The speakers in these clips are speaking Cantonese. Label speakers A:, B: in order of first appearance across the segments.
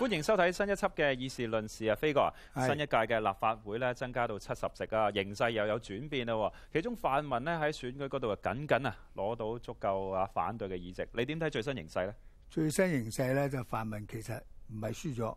A: 歡迎收睇新一輯嘅議事論事啊，飛哥啊，新一屆嘅立法會咧增加到七十席啊，是形勢又有轉變啦。其中泛民咧喺選舉嗰度啊，僅僅啊攞到足夠啊反對嘅議席，你點睇最新形勢咧？
B: 最新形勢咧就泛民其實唔係輸咗，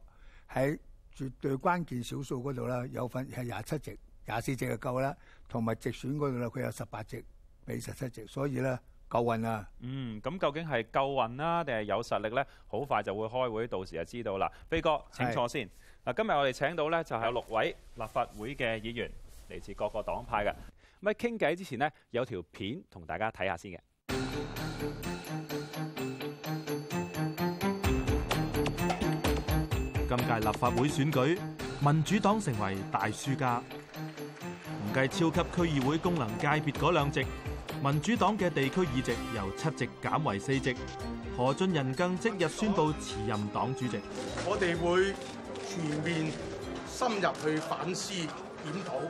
B: 喺絕對關鍵少數嗰度咧有份係廿七席，廿四席就夠啦，同埋直選嗰度咧佢有十八席，比十七席，所以咧。夠運
C: 啊！嗯，
A: 咁究竟係夠運啦，定係有實力呢？好快就會開會，到時就知道啦。飛哥，請坐先。嗱的，今日我哋請到呢，就係有六位立法會嘅議員，嚟自各個黨派嘅。咁喺傾偈之前呢，有條片同大家睇下先嘅。
D: 今屆立法會選舉，民主黨成為大輸家，唔計超級區議會功能界別嗰兩席。民主黨嘅地區議席由七席減為四席，何俊仁更即日宣布辭任黨主席。
E: 我哋會全面深入去反思檢討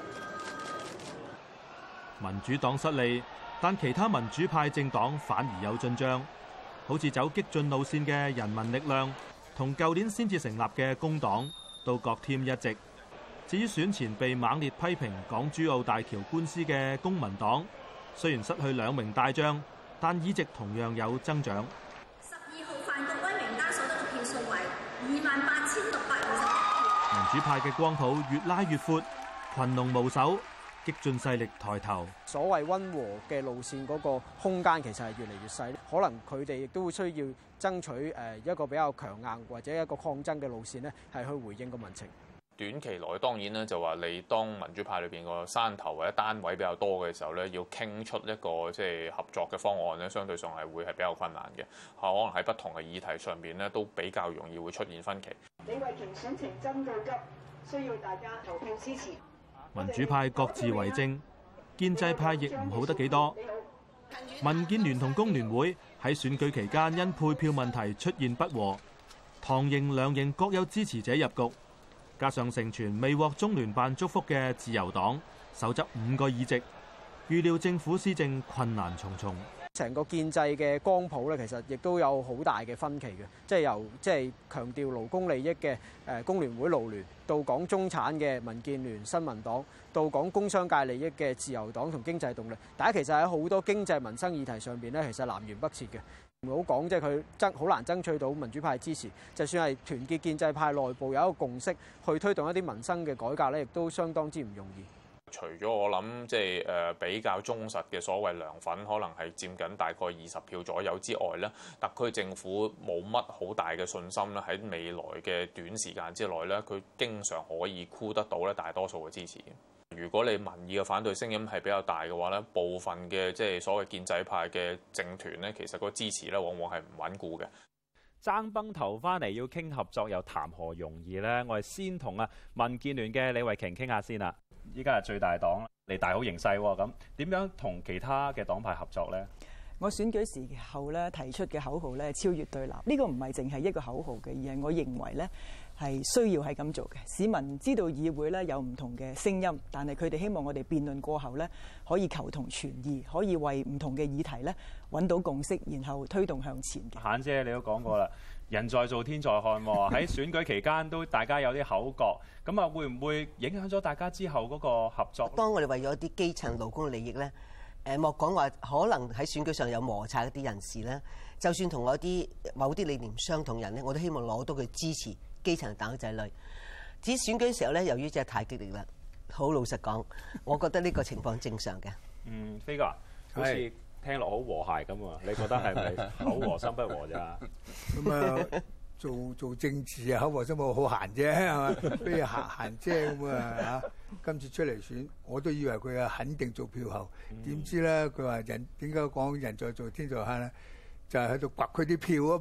D: 民主黨失利，但其他民主派政黨反而有進賬，好似走激進路線嘅人民力量同舊年先至成立嘅工黨，都各添一席。至於選前被猛烈批評港珠澳大橋官司嘅公民黨，雖然失去兩名大將，但議席同樣有增長。
F: 十二號范國威名單所得總票數為二萬八千六百五十
D: 一票。民主派嘅光譜越拉越闊，羣龍無首，激進勢力抬頭。
F: 所謂溫和嘅路線嗰個空間其實係越嚟越細，可能佢哋亦都會需要爭取誒一個比較強硬或者一個抗爭嘅路線咧，係去回應個民情。
G: 短期內當然咧，就話你當民主派裏邊個山頭或者單位比較多嘅時候咧，要傾出一個即係合作嘅方案咧，相對上係會係比較困難嘅嚇。可能喺不同嘅議題上邊咧，都比較容易會出現分歧。
C: 李慧瓊選情真告急，需要大家投票支持。民主派各自為政，
D: 謝謝建制派亦唔好得幾多。好民建聯同工聯會喺選舉期間因配票問題出現不和，唐營兩營各有支持者入局。加上成全未獲中聯辦祝福嘅自由黨，守則五個議席，預料政府施政困難重重。
F: 成個建制嘅光譜呢，其實亦都有好大嘅分歧嘅，即係由即係強調勞工利益嘅誒，工聯會勞聯，到講中產嘅民建聯、新民黨，到講工商界利益嘅自由黨同經濟動力，大家其實喺好多經濟民生議題上邊呢，其實南轅北轍嘅。唔好講，即係佢爭好難爭取到民主派支持。就算係團結建制派內部有一個共識，去推動一啲民生嘅改革咧，亦都相當之唔容易。
G: 除咗我諗即係誒比較忠實嘅所謂梁粉，可能係占緊大概二十票左右之外咧，特區政府冇乜好大嘅信心咧，喺未來嘅短時間之內咧，佢經常可以箍得到咧大多數嘅支持。如果你民意嘅反對聲音係比較大嘅話咧，部分嘅即係所謂建制派嘅政團咧，其實嗰個支持咧，往往係唔穩固嘅。
A: 爭崩頭翻嚟要傾合作，又談何容易咧？我哋先同啊民建聯嘅李慧瓊傾下先啦。依家係最大黨嚟大好形勢喎，咁點樣同其他嘅黨派合作咧？
C: 我選舉時候咧提出嘅口號咧，超越對立，呢個唔係淨係一個口號嘅，而係我認為咧。係需要係咁做嘅。市民知道議會咧，有唔同嘅聲音，但係佢哋希望我哋辯論過後咧，可以求同存異，可以為唔同嘅議題咧，揾到共識，然後推動向前嘅。
A: 嫻姐，你都講過啦，人在做天在看喎。喺選
H: 舉期間都大家有啲口角咁啊，會唔會影響咗大家之後嗰個合作？當我哋為咗一啲基層勞工嘅利益咧，誒莫講話可能喺選舉上有摩擦一啲人士咧，就算同我啲某啲理念相同人咧，我都希望攞到佢支持。基層黨仔類，至於選舉時候咧，由於真係太激烈啦，好老實講，我覺得呢個情況正常嘅。嗯，
A: 飛哥好似聽落好和諧咁啊。是你覺得係咪口和心不和咋？咁啊
H: 做做政治啊，口
B: 和心冇好閒啫，係嘛？不如閒閒啫咁啊嚇，今次出嚟選，我都以為佢係肯定做票後，點、嗯、知咧佢話人點解講人在做天在看咧？就係喺度刮佢啲票啊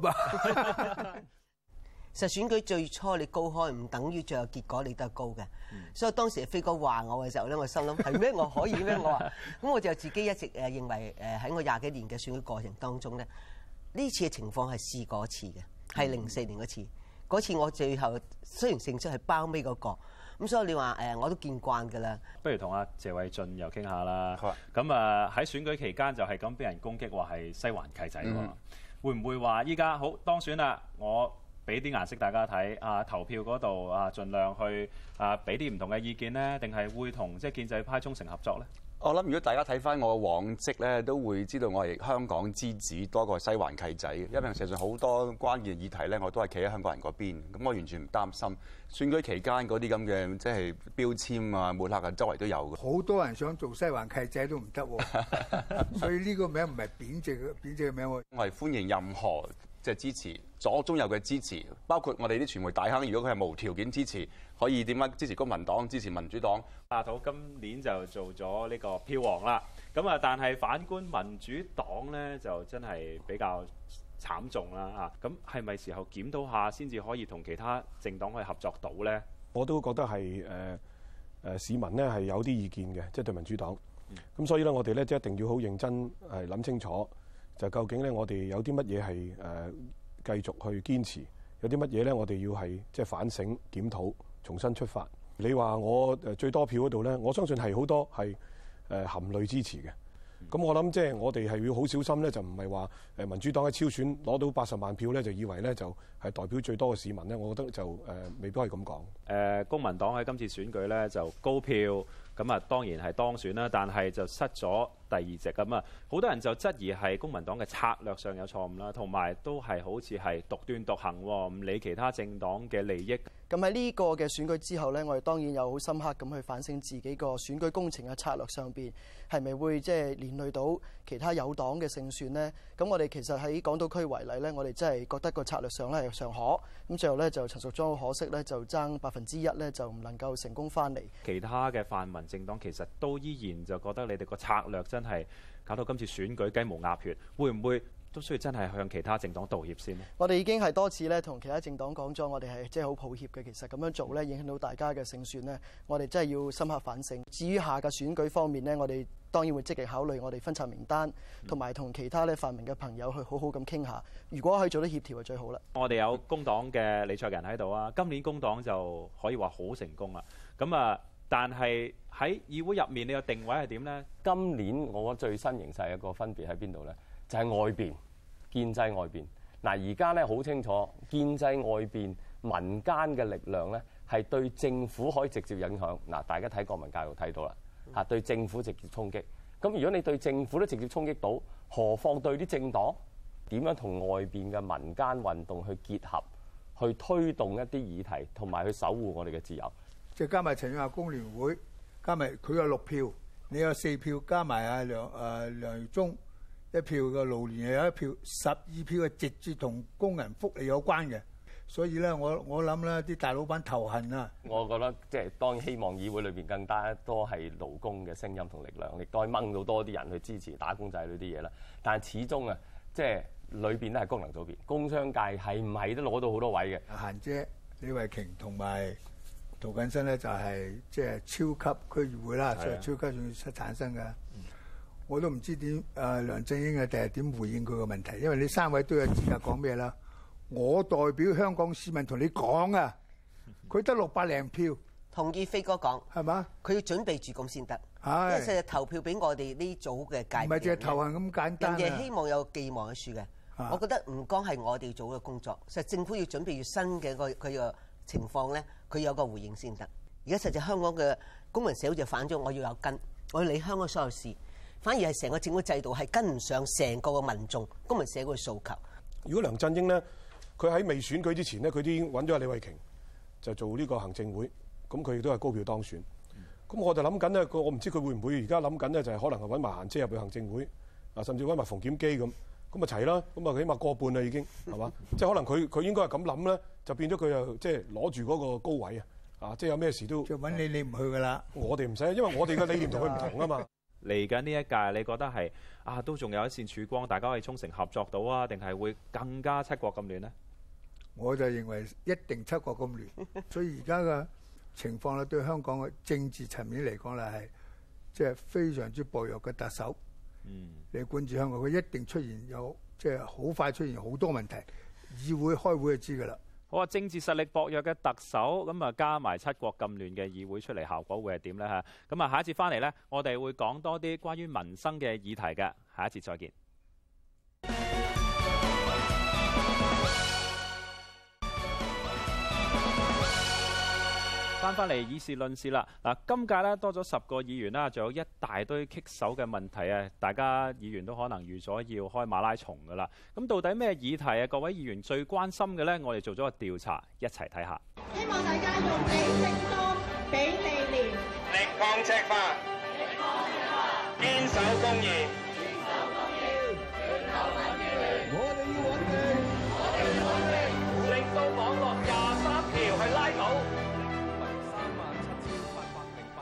B: 嘛。
H: 實選舉最初你高開唔等於最後結果，你都係高嘅。所以當時飛哥話我嘅時候咧，我心諗係咩？我可以咩？我話咁我就自己一直誒認為誒喺我廿幾年嘅選舉過程當中咧，呢次嘅情況係試過一次嘅，係零四年嗰次嗰、嗯、次我最後雖然成績係包尾嗰個咁，所以你話誒我都見慣㗎啦。不如同阿
A: 謝偉俊又傾下啦。咁啊喺選舉期間就係咁俾人攻擊話係西環契仔喎，嗯、會唔會話依家好當選啦？我俾啲顏色大家睇，啊投票嗰度啊，盡量去啊俾啲唔同嘅意見咧，定係會同即係建制派忠誠合作咧？
I: 我諗如果大家睇翻我嘅往績咧，都會知道我係香港之子多過西環契仔，嗯、因為其實好多關鍵議題咧，我都係企喺香港人嗰邊。咁我完全唔擔心選舉期間嗰啲咁嘅即係標籤啊、抹黑啊，周圍都有嘅。好
B: 多人想做西環契仔都唔得，啊， 所以呢個名唔係貶值嘅貶值嘅
I: 名。我係歡迎任何。即係支持左中右嘅支持，包括我哋啲傳媒大亨，如果佢係無條件支持，可以點樣支持公民黨、支持民主黨？阿涂今年就做咗呢個票王啦，咁啊，但係反觀民主黨咧，就真
A: 係比較慘重啦嚇。咁係咪時候檢討下先至可以同其他政黨去合作到咧？
J: 我都覺得係誒誒市民咧係有啲意見嘅，即係對民主黨。咁，嗯，所以咧，我哋咧即一定要好認真係諗清楚。就究竟咧，我哋有啲乜嘢係誒繼續去堅持？有啲乜嘢咧，我哋要係即係反省檢討，重新出發。你話我誒最多票嗰度咧，我相信係好多係誒含淚支持嘅。咁我諗即係我哋係要好小心咧，就唔係話民主黨嘅超選攞到八十萬票咧，就以為咧就係代表最多嘅市民咧。我覺得就誒未必可以咁講。
A: 誒公民黨喺今次選舉咧就高票。咁啊，當然係當選啦，但係就失咗第二席。咁啊，好多人就質疑係公民黨嘅策略上有錯誤啦，同埋都係好似係獨斷獨行，唔理其他政黨嘅利益。
K: 咁喺呢個嘅選舉之後呢，我哋當然又好深刻咁去反省自己個選舉工程嘅策略上面係咪會即係連累到其他有黨嘅勝算呢？咁我哋其實喺港島區為例呢，我哋真係覺得個策略上咧係尚可。咁最後呢，就陳淑莊好可惜呢，就爭百分之一呢，就唔能夠成功翻嚟。
A: 其他嘅泛民政黨其實都依然就覺得你哋個策略真係搞到今次選舉雞毛鴨血，會唔會？都需要真係向其他政黨道歉先。
K: 我哋已經係多次咧同其他政黨講咗，我哋係即係好抱歉嘅。其實咁樣做咧，影響到大家嘅勝算咧，我哋真係要深刻反省。至於下個選舉方面呢，我哋當然會積極考慮我哋分拆名單，同埋同其他咧泛民嘅朋友去好好咁傾下。如果可以做得協調，就最好啦。
A: 我哋有工黨嘅李卓人喺度啊。今年工黨就可以話好成功啦。咁啊，但係喺議會入面，你個定位係點呢？
E: 今年我最新形勢一個分別喺邊度呢？就係外邊，建制外邊嗱，而家咧，好清楚建制外邊民間嘅力量咧，係對政府可以直接影響嗱。大家睇國民教育睇到啦嚇，對政府直接衝擊。咁如果你對政府都直接衝擊到，何況對啲政黨，點樣同外邊嘅民間運動去結合，去推動一啲議題，同埋去守護我哋嘅自由？即係加埋陳下工聯會，加埋佢有六
B: 票，你有四票加，加埋阿梁啊梁耀忠，一票嘅勞聯，又有一票，十二票嘅直接同工人福利有關嘅，所以咧，我我諗咧，啲大老闆頭痕啊！
E: 我覺得即係當然希望議會裏邊更加多係勞工嘅聲音同力量，亦該掹到多啲人去支持打工仔呢啲嘢啦。但係始終啊，即係裏邊都係功能組別，工商界係唔係都攞到好多位嘅？阿嫻姐、李
B: 慧瓊同埋涂謹申咧，就係即係超級區議會啦，即係的超級產生嘅。我都唔知點誒梁振英啊，定係點回應佢嘅問題，因為你三位都有資格講咩啦。 我代表香港市民同你講啊，
H: 佢得六百零票。同意飛哥講，係嘛吧？佢要準備住咁先得，哎、因為實日投票俾我哋呢組嘅界唔係淨係投係咁簡單，啊。人哋希望有寄望喺度嘅，啊、我覺得唔光係我哋組嘅工作，實政府要準備要新嘅個佢個情況咧，佢有個回應先得。而家實際香港嘅公民社會就反咗，我要有根，我要理香港所有事。反而係成個政府制度係跟唔上成個個民眾公民社會嘅訴求。如果梁振英咧，佢喺未選舉之前咧，佢都已經揾咗阿李慧瓊
J: 就做呢個行政會，咁佢亦都係高票當選。咁我就諗緊咧，個我唔知佢會唔會而家諗緊咧，就係可能係揾埋行車入去行政會啊，甚至揾埋馮檢基咁，咁啊齊啦，咁啊起碼過半啦已經係嘛，即係可能佢佢應該係咁諗咧，就變咗佢又即係攞住嗰個高位啊，啊即係有咩事都，就揾你，你唔去㗎啦。我哋唔使，因為我哋嘅理念同佢唔同啊嘛。
A: 嚟緊呢一屆，你覺得係啊，都仲有一線曙光，大家可以沖繩合作到啊，定係會更加七國咁亂呢？
B: 我就認為一定七國咁亂， 所以而家嘅情況咧，對香港嘅政治層面嚟講咧，係即係非常之薄弱嘅特首，嗯，你管住香港，佢一定出現有即係好快出現好多問題，議會開會就知㗎啦。
A: 政治實力薄弱嘅特首，加埋七國咁亂嘅議會出嚟，效果會係點呢？咁下一節返嚟咧，我哋會講多啲關於民生嘅議題嘅，下一節再見。返返嚟議事論事啦！嗱，今屆咧多咗十個議員啦，仲有一大堆棘手嘅問題啊！大家議員都可能預咗要開馬拉松噶啦。咁到底咩議題啊？各位議員最關心嘅咧，我哋做咗個調查，一齊睇下。希
C: 望大家永慶升，永慶年，力抗赤化，赤化
I: 堅守公義。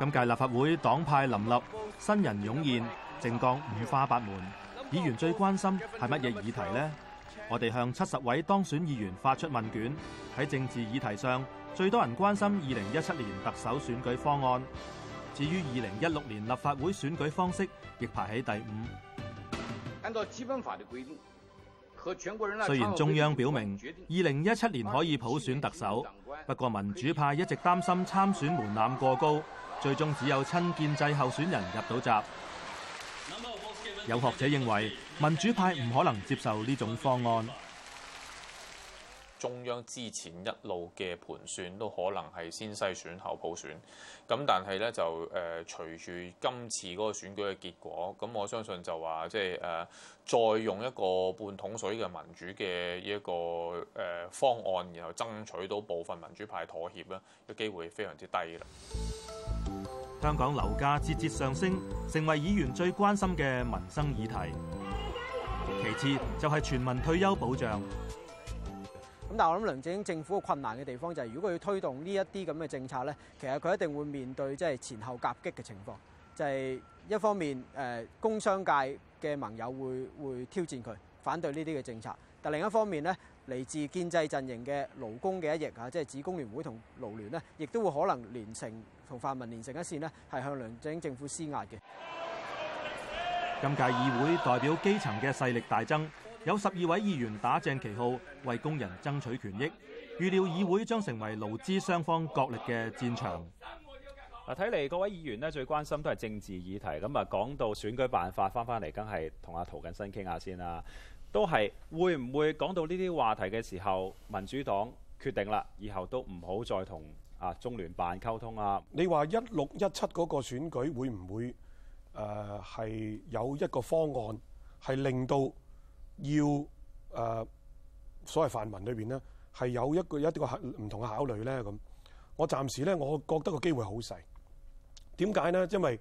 D: 今屆立法會黨派林立，新人湧現，政綱五花八門。議員最關心係乜嘢議題呢？我哋向七十位當選議員發出問卷，喺政治議題上，最多人關心二零一七年特首選舉方案。至於二零一六年立法會選舉方式，亦排喺第五。
G: 按照基本法的雖然中央表
D: 明，二零一七年可以普選特首，不過民主派一直擔心參選門檻過高，最終只有親建制候選人入到閘。
G: 有學者
D: 認為，民主派唔可能接受呢種方案。
G: 中央之前一路嘅盤算都可能係先篩選後普選，咁但係咧就誒隨住今次嗰個選舉嘅結果，咁我相信就話即係誒再用一個半桶水嘅民主嘅一個誒、呃、方案，然後爭取到部分民主派妥協咧，嘅、那、機、個、會非常之低啦。
D: 香港樓價節節上升，成為議員最關心嘅民生議題。其次就係全民退休保障。
F: 咁但係我諗梁振英政府嘅困難嘅地方就係，如果佢要推動呢一啲咁嘅政策咧，其實佢一定會面對即係前後夾擊嘅情況，就係一方面誒工商界嘅盟友會會挑戰佢，反對呢啲嘅政策；但另一方面咧，嚟自建制陣營嘅勞工嘅一翼嚇，即係指工聯會同勞聯咧，亦都會可能連成同泛民連成一線咧，係向梁振英政府施壓嘅。
D: 今屆議會代表基層嘅勢力大增。有十二位議員打正旗號為工人爭取權益，預料議會將成為勞資雙方角力嘅戰場。嗱，睇嚟各位議員呢最關心都係政
A: 治議題。咁啊，講到選舉辦法，翻翻嚟，梗係同阿涂謹申傾下先啦。都係會唔會講到呢啲話題嘅時候，民主黨決定啦，以後都唔好再同啊中聯辦溝通啊？
J: 你話一六一七嗰個選舉會唔會誒係、呃、有一個方案係令到？要誒、呃、所謂泛民裏邊咧，係有一個一啲個唔同嘅考慮咧咁。我暫時咧，我覺得個機會好細。點解咧？因為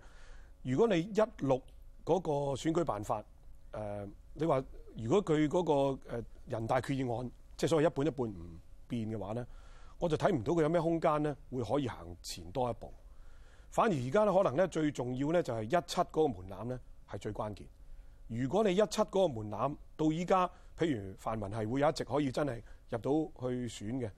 J: 如果你一六嗰個選舉辦法誒、呃，你話如果佢嗰個人大決議案，即、就、係、是、所謂一半一半唔變嘅話咧，我就睇唔到佢有咩空間咧，會可以行前多一步。反而而家咧，可能咧最重要咧就係一七嗰個門檻咧係最關鍵。如果你一七個門檻到依家，譬如泛民係會有一直可以真係入到去選嘅，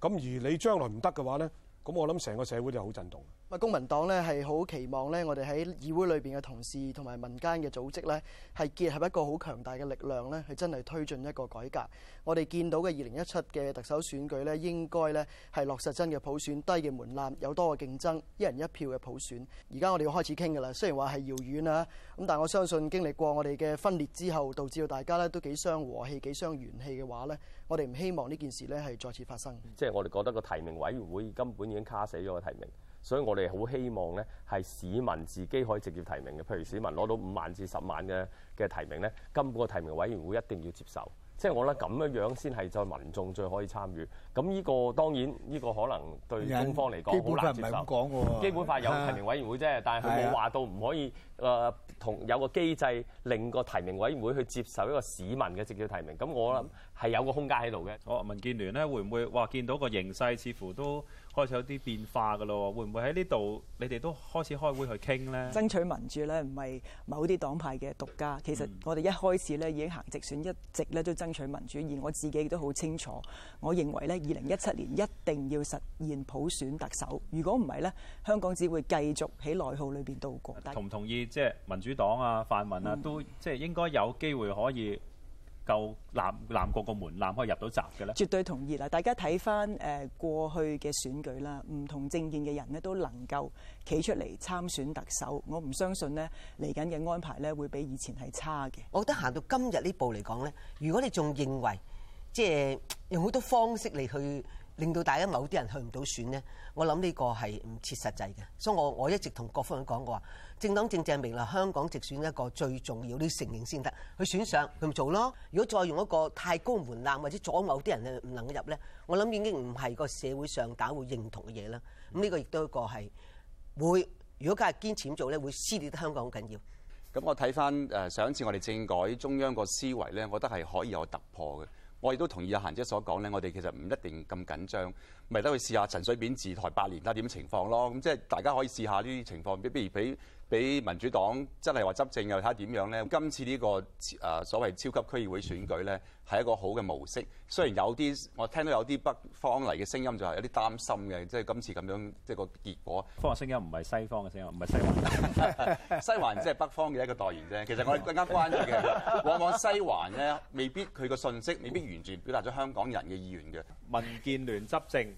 J: 咁而你將來唔得嘅話咧，咁我諗成個社會就好震動。
K: 啊，公民黨呢係好期望呢，我哋喺議會裏邊嘅同事同埋民間嘅組織呢，係結合一個好強大嘅力量呢，係真係推進一個改革。我哋見到嘅二零一七嘅特首選舉呢，應該呢，係落實真嘅普選，低嘅門檻，有多個競爭，一人一票嘅普選。而家我哋要開始傾嘅啦，雖然話係遙遠啊，咁但係我相信經歷過我哋嘅分裂之後，導致到大家呢都幾傷和氣，幾傷元氣嘅話呢，我哋唔希望呢件事呢係再次發生。
E: 即係我哋覺得個提名委員會根本已經卡死咗個提名。所以我哋好希望咧，係市民自己可以直接提名嘅，譬如市民攞到五萬至十萬嘅嘅提名咧，今個提名委員會一定要接受，即係我覺得咁樣樣先係再民眾最可以參與。咁呢個當然，呢、這個可能對中方嚟講好難接受。基本法唔係咁講基本法有提名委員會啫，啊、但係佢冇話到唔可以誒同、啊呃、有個機制令個提名委員會去接受一個市民嘅直接提名。咁、嗯、我諗係有個空間喺度嘅。我、哦、民建聯咧，會唔會話見到個形勢似乎
A: 都開始有啲變化㗎咯？會唔會喺呢度你哋都開始開會去傾咧？爭
C: 取民主咧，唔係某啲黨派嘅獨家。其實我哋一開始咧已經行直選，一直咧都爭取民主。而我自己亦都好清楚，我認為咧。二零一七年一定要實現普選特首，如果唔係呢，香港只會繼續喺內耗裏邊度過。同
A: 唔同意？即係民主黨啊、泛民啊，都即係應該有機會可以夠攬攬過個門檻，可以入到閘嘅咧。絕
C: 對同意啦！大家睇翻誒過去嘅選舉啦，唔同政見嘅人呢都能夠企出嚟參選特首。我唔
H: 相信呢嚟緊嘅安排呢會比以前係差嘅。我覺得行到今日呢步嚟講呢，如果你仲認為，即係用好多方式嚟去令到大家某啲人去唔到選呢。我諗呢個係唔切實際嘅，所以我我一直同各方講過，我話政黨正正證明啦，香港直選一個最重要要承認先得，佢選上佢咪做咯。如果再用一個太高門檻或者阻某啲人唔能入呢，我諗已經唔係個社會上大家會認同嘅嘢啦。咁呢個亦都一個係會，如果梗係堅持做呢，會撕裂得香港好緊要。
I: 咁我睇翻誒，上一次我哋政改中央個思維呢，我覺得係可以有突破嘅。我亦都同意阿嫻姐所講咧，我哋其實唔一定咁緊張。咪都去試下陳水扁治台八年啦，點情況咯？咁即係大家可以試下呢啲情況，比如俾俾民主黨真係話執政又睇下點樣咧？今次呢個誒所謂超級區議會選舉咧，係一個好嘅模式。雖然有啲我聽到有啲北方嚟嘅聲音就，就係有啲擔心嘅，即係今次咁樣即係個結果。方嘅聲音唔係西方嘅聲音，唔係西， 西環，西環即係北方嘅一個代言啫。其實我哋更加關注嘅，往往西環咧未必佢個訊息未必完全表達咗香港人嘅意願嘅。民建聯執政。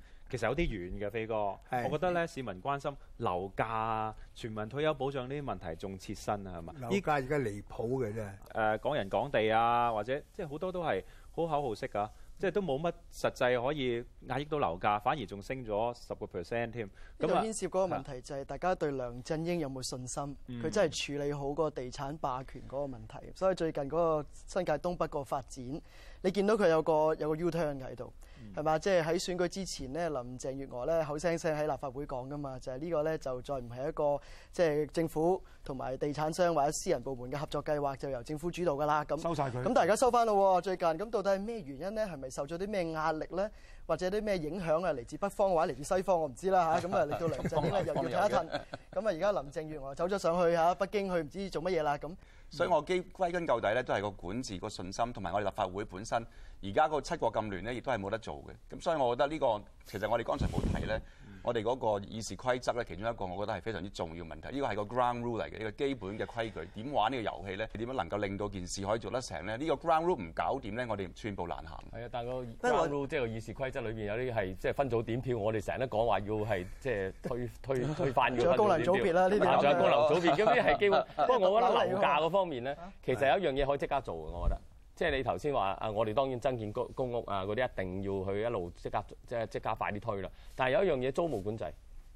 A: 其實有啲遠嘅飛哥，是我覺得咧是的 市民關心樓價、全民退休保障呢啲問題仲切身啊，係嘛？樓價
B: 而家離譜嘅啫、
A: 呃。誒，港人港地啊，或者即係好多都係好口號式啊，即係都冇乜實際可以壓抑到樓價，反而仲升咗十個 percent 添。呢度牽涉嗰個問
K: 題就係大家對梁振英有冇信心？佢、嗯、真係處理好嗰個地產霸權嗰個問題。所以最近嗰個新界東北個發展，你見到佢有個有個 U-turn 喺度。係嘛？即係喺選舉之前咧，林鄭月娥咧口聲聲喺立法會講噶嘛，就係、是、呢個咧就再唔係一個即係、就是、政府同埋地產商或者私人部門嘅合作計劃，就由政府主導㗎啦。咁收晒佢。咁大家收翻咯喎！最近咁到底係咩原因咧？係咪受咗啲咩壓力咧？或者啲咩影響啊？嚟自北方或者嚟自西方我唔知啦嚇。咁啊，嚟到梁振英啊 又要睇一睇。咁啊，而家林鄭月娥走咗上去嚇，北京去唔知做乜嘢啦咁。所以
I: 我基歸根究底咧，都係個管治個信心，同埋我哋立法會本身，而家個七國咁亂咧，亦都係冇得做嘅。咁所以，我覺得呢、呢個其實我哋剛才冇睇咧。我哋嗰個議事規則咧，其中一個我覺得係非常之重要問題。呢個係個 ground rule 嚟嘅，一個基本嘅規矩。點玩呢個遊戲咧？點樣能夠令到件事可以做得成咧？呢、呢個 ground rule 唔搞掂咧，我哋寸步難行。
E: 係啊，但個 ground
I: rule 即係個議事規則裏面有啲係即係分組點
E: 票。我哋成日都講話要係即係推推 推翻個功能組別啦、啊。呢啲功能組別，咁啲係基本。不過 我覺得樓價嗰方面咧， 其實有一樣嘢可以即刻做嘅，我覺得。即係你頭先話啊，我哋當然增建公公屋啊，嗰啲一定要去一路即刻即刻即即加快啲推啦。但係有一樣嘢租務管制，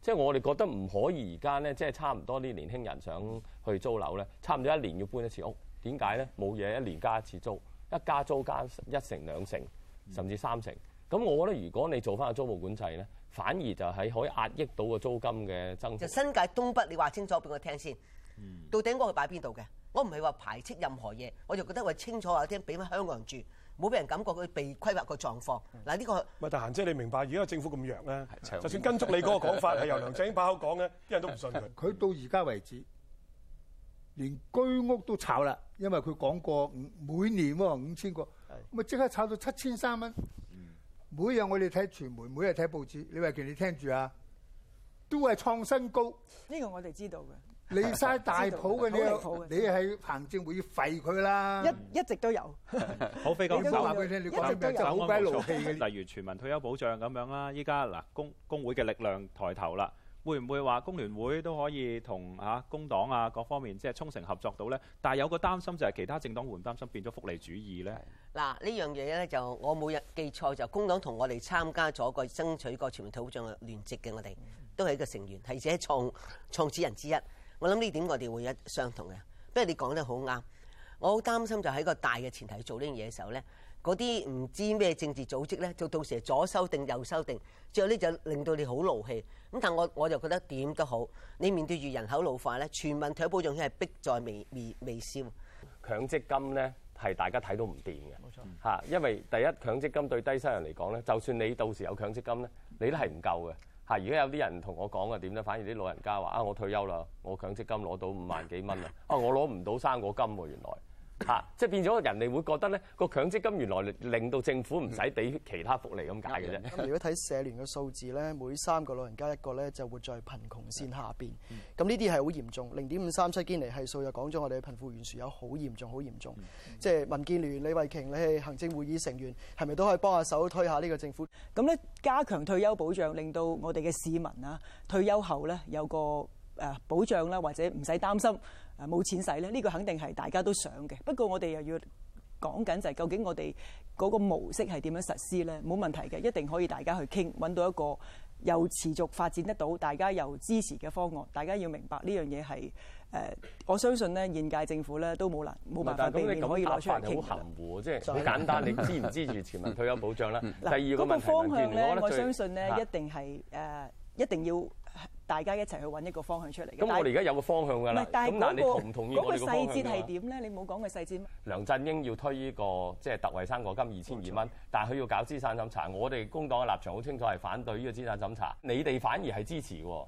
E: 即係我哋覺得唔可以而家咧，即係差唔多啲年輕人想去租樓咧，差唔多一年要搬一次屋。點解咧？冇嘢一年加一次租，一加租加一成兩成，甚至三成。咁、嗯、我覺得如果你做翻個租務管制咧，反而就係可以壓抑到個租金嘅增值。就新
H: 界東北，你話清楚俾我聽先，到底該去擺邊度嘅？我唔係話排斥任何嘢，我就覺得話清楚話聽，俾翻香港人住，唔好俾人感覺佢被規劃個狀況。嗱的，呢、這個唔係但係，嫻姐你明白，如果政府咁弱咧，的就算跟足你嗰個講法，係由梁振
J: 英把口講嘅，啲的人都唔信佢。佢
H: 到而家為止，
B: 連居屋都炒啦，因為佢講過每年五千個，咪即的刻炒到七千三蚊。嗯、每日我哋睇傳媒，每日睇報紙，李慧瓊你聽住啊，都係創新高。
C: 呢個我哋知道嘅。你晒大普嘅呢？土地，土地你
B: 喺行政會要廢佢啦一！
C: 一一直都有。
A: 好， 飛哥，我話你聽，你個名真係好鬼露氣，例如全民退休保障咁樣啦，依家嗱工工會嘅力量抬頭啦，會唔會話工聯會都可以同嚇工黨啊，各方面即係沖繩合作到咧？但係有個擔心就係其他政黨會唔擔心變咗福利主義咧？
H: 嗱，呢樣嘢咧，就我冇記錯就工黨同我哋參加咗個爭取一個全民退休保障嘅聯席嘅，我哋都係一個成員，係者創創始人之一。我諗呢點我哋會一相同嘅，不過你講得好啱。我好擔心就喺個大嘅前提做呢樣嘢嘅時候咧，嗰啲唔知咩政治組織咧，就到時係左修定右修定，之後呢就令到你好勞氣。咁但係我我就覺得點都好，你面對住人口老化咧，全民退休保障係迫在眉眉眉睫。強積金咧係大家睇到唔掂
E: 嘅，吓，沒錯 因為第一強積金對低收入人嚟講咧，就算你到時有強積金咧，你都係唔夠嘅。嚇！而家有啲人同我講啊，點咧？反而啲老人家話啊，我退休啦，我強積金攞到五萬幾蚊啦，啊，我攞唔到生果金喎，原來。嚇、啊！即係變咗人哋會覺得咧，個強積金原來令到政府唔使俾其他福利咁解嘅啫。咁如果
K: 睇社聯嘅數字咧，每三個老人家一個咧就活在貧窮線下邊。咁呢啲係好嚴重，零點五三七，堅尼係數又講咗我哋貧富懸殊有好嚴重，好嚴重。嗯、即係民建聯李慧瓊，你係行政會議成員，係咪都可以幫下手推下呢個政府？咁咧加強退休保障，
C: 令到我哋嘅市民啊退休後咧有個誒保障啦，或者唔使擔心。冇錢使咧，呢、呢個肯定係大家都想嘅。不過我哋又要講緊就係究竟我哋嗰個模式係點樣實施咧？冇問題嘅，一定可以大家去傾，揾到一個又持續發展得到，大家又支持嘅方案。大家要明白呢樣嘢係誒，我相信咧現屆政府咧都冇難冇辦法俾你可以攞出嚟但。但你，咁你咁
E: 答法係好含糊，即係好簡單。 你支唔支持全民退休保障啦？ 第二個問題，嗰個方向咧，我，我相信咧一
C: 定係誒、呃、一定要。大家一齊去搵一個方向出嚟。咁我哋
E: 而家有個方向㗎啦。咁嗱、嗰個，咁你同唔同意我呢個方向
C: 咧？你冇講個細節。細節
E: 梁振英要推呢、呢個即係、即係、特惠生果金二千二蚊，冇錯。但係佢要搞資產審查。我哋工黨嘅立場好清楚係反對呢個資產審查，你哋反而係支持喎。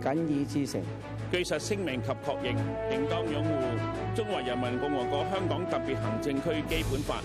H: 謹以至誠，
E: 據實聲明及確認，應當擁護中華人民共和國香港特別行政區基本法。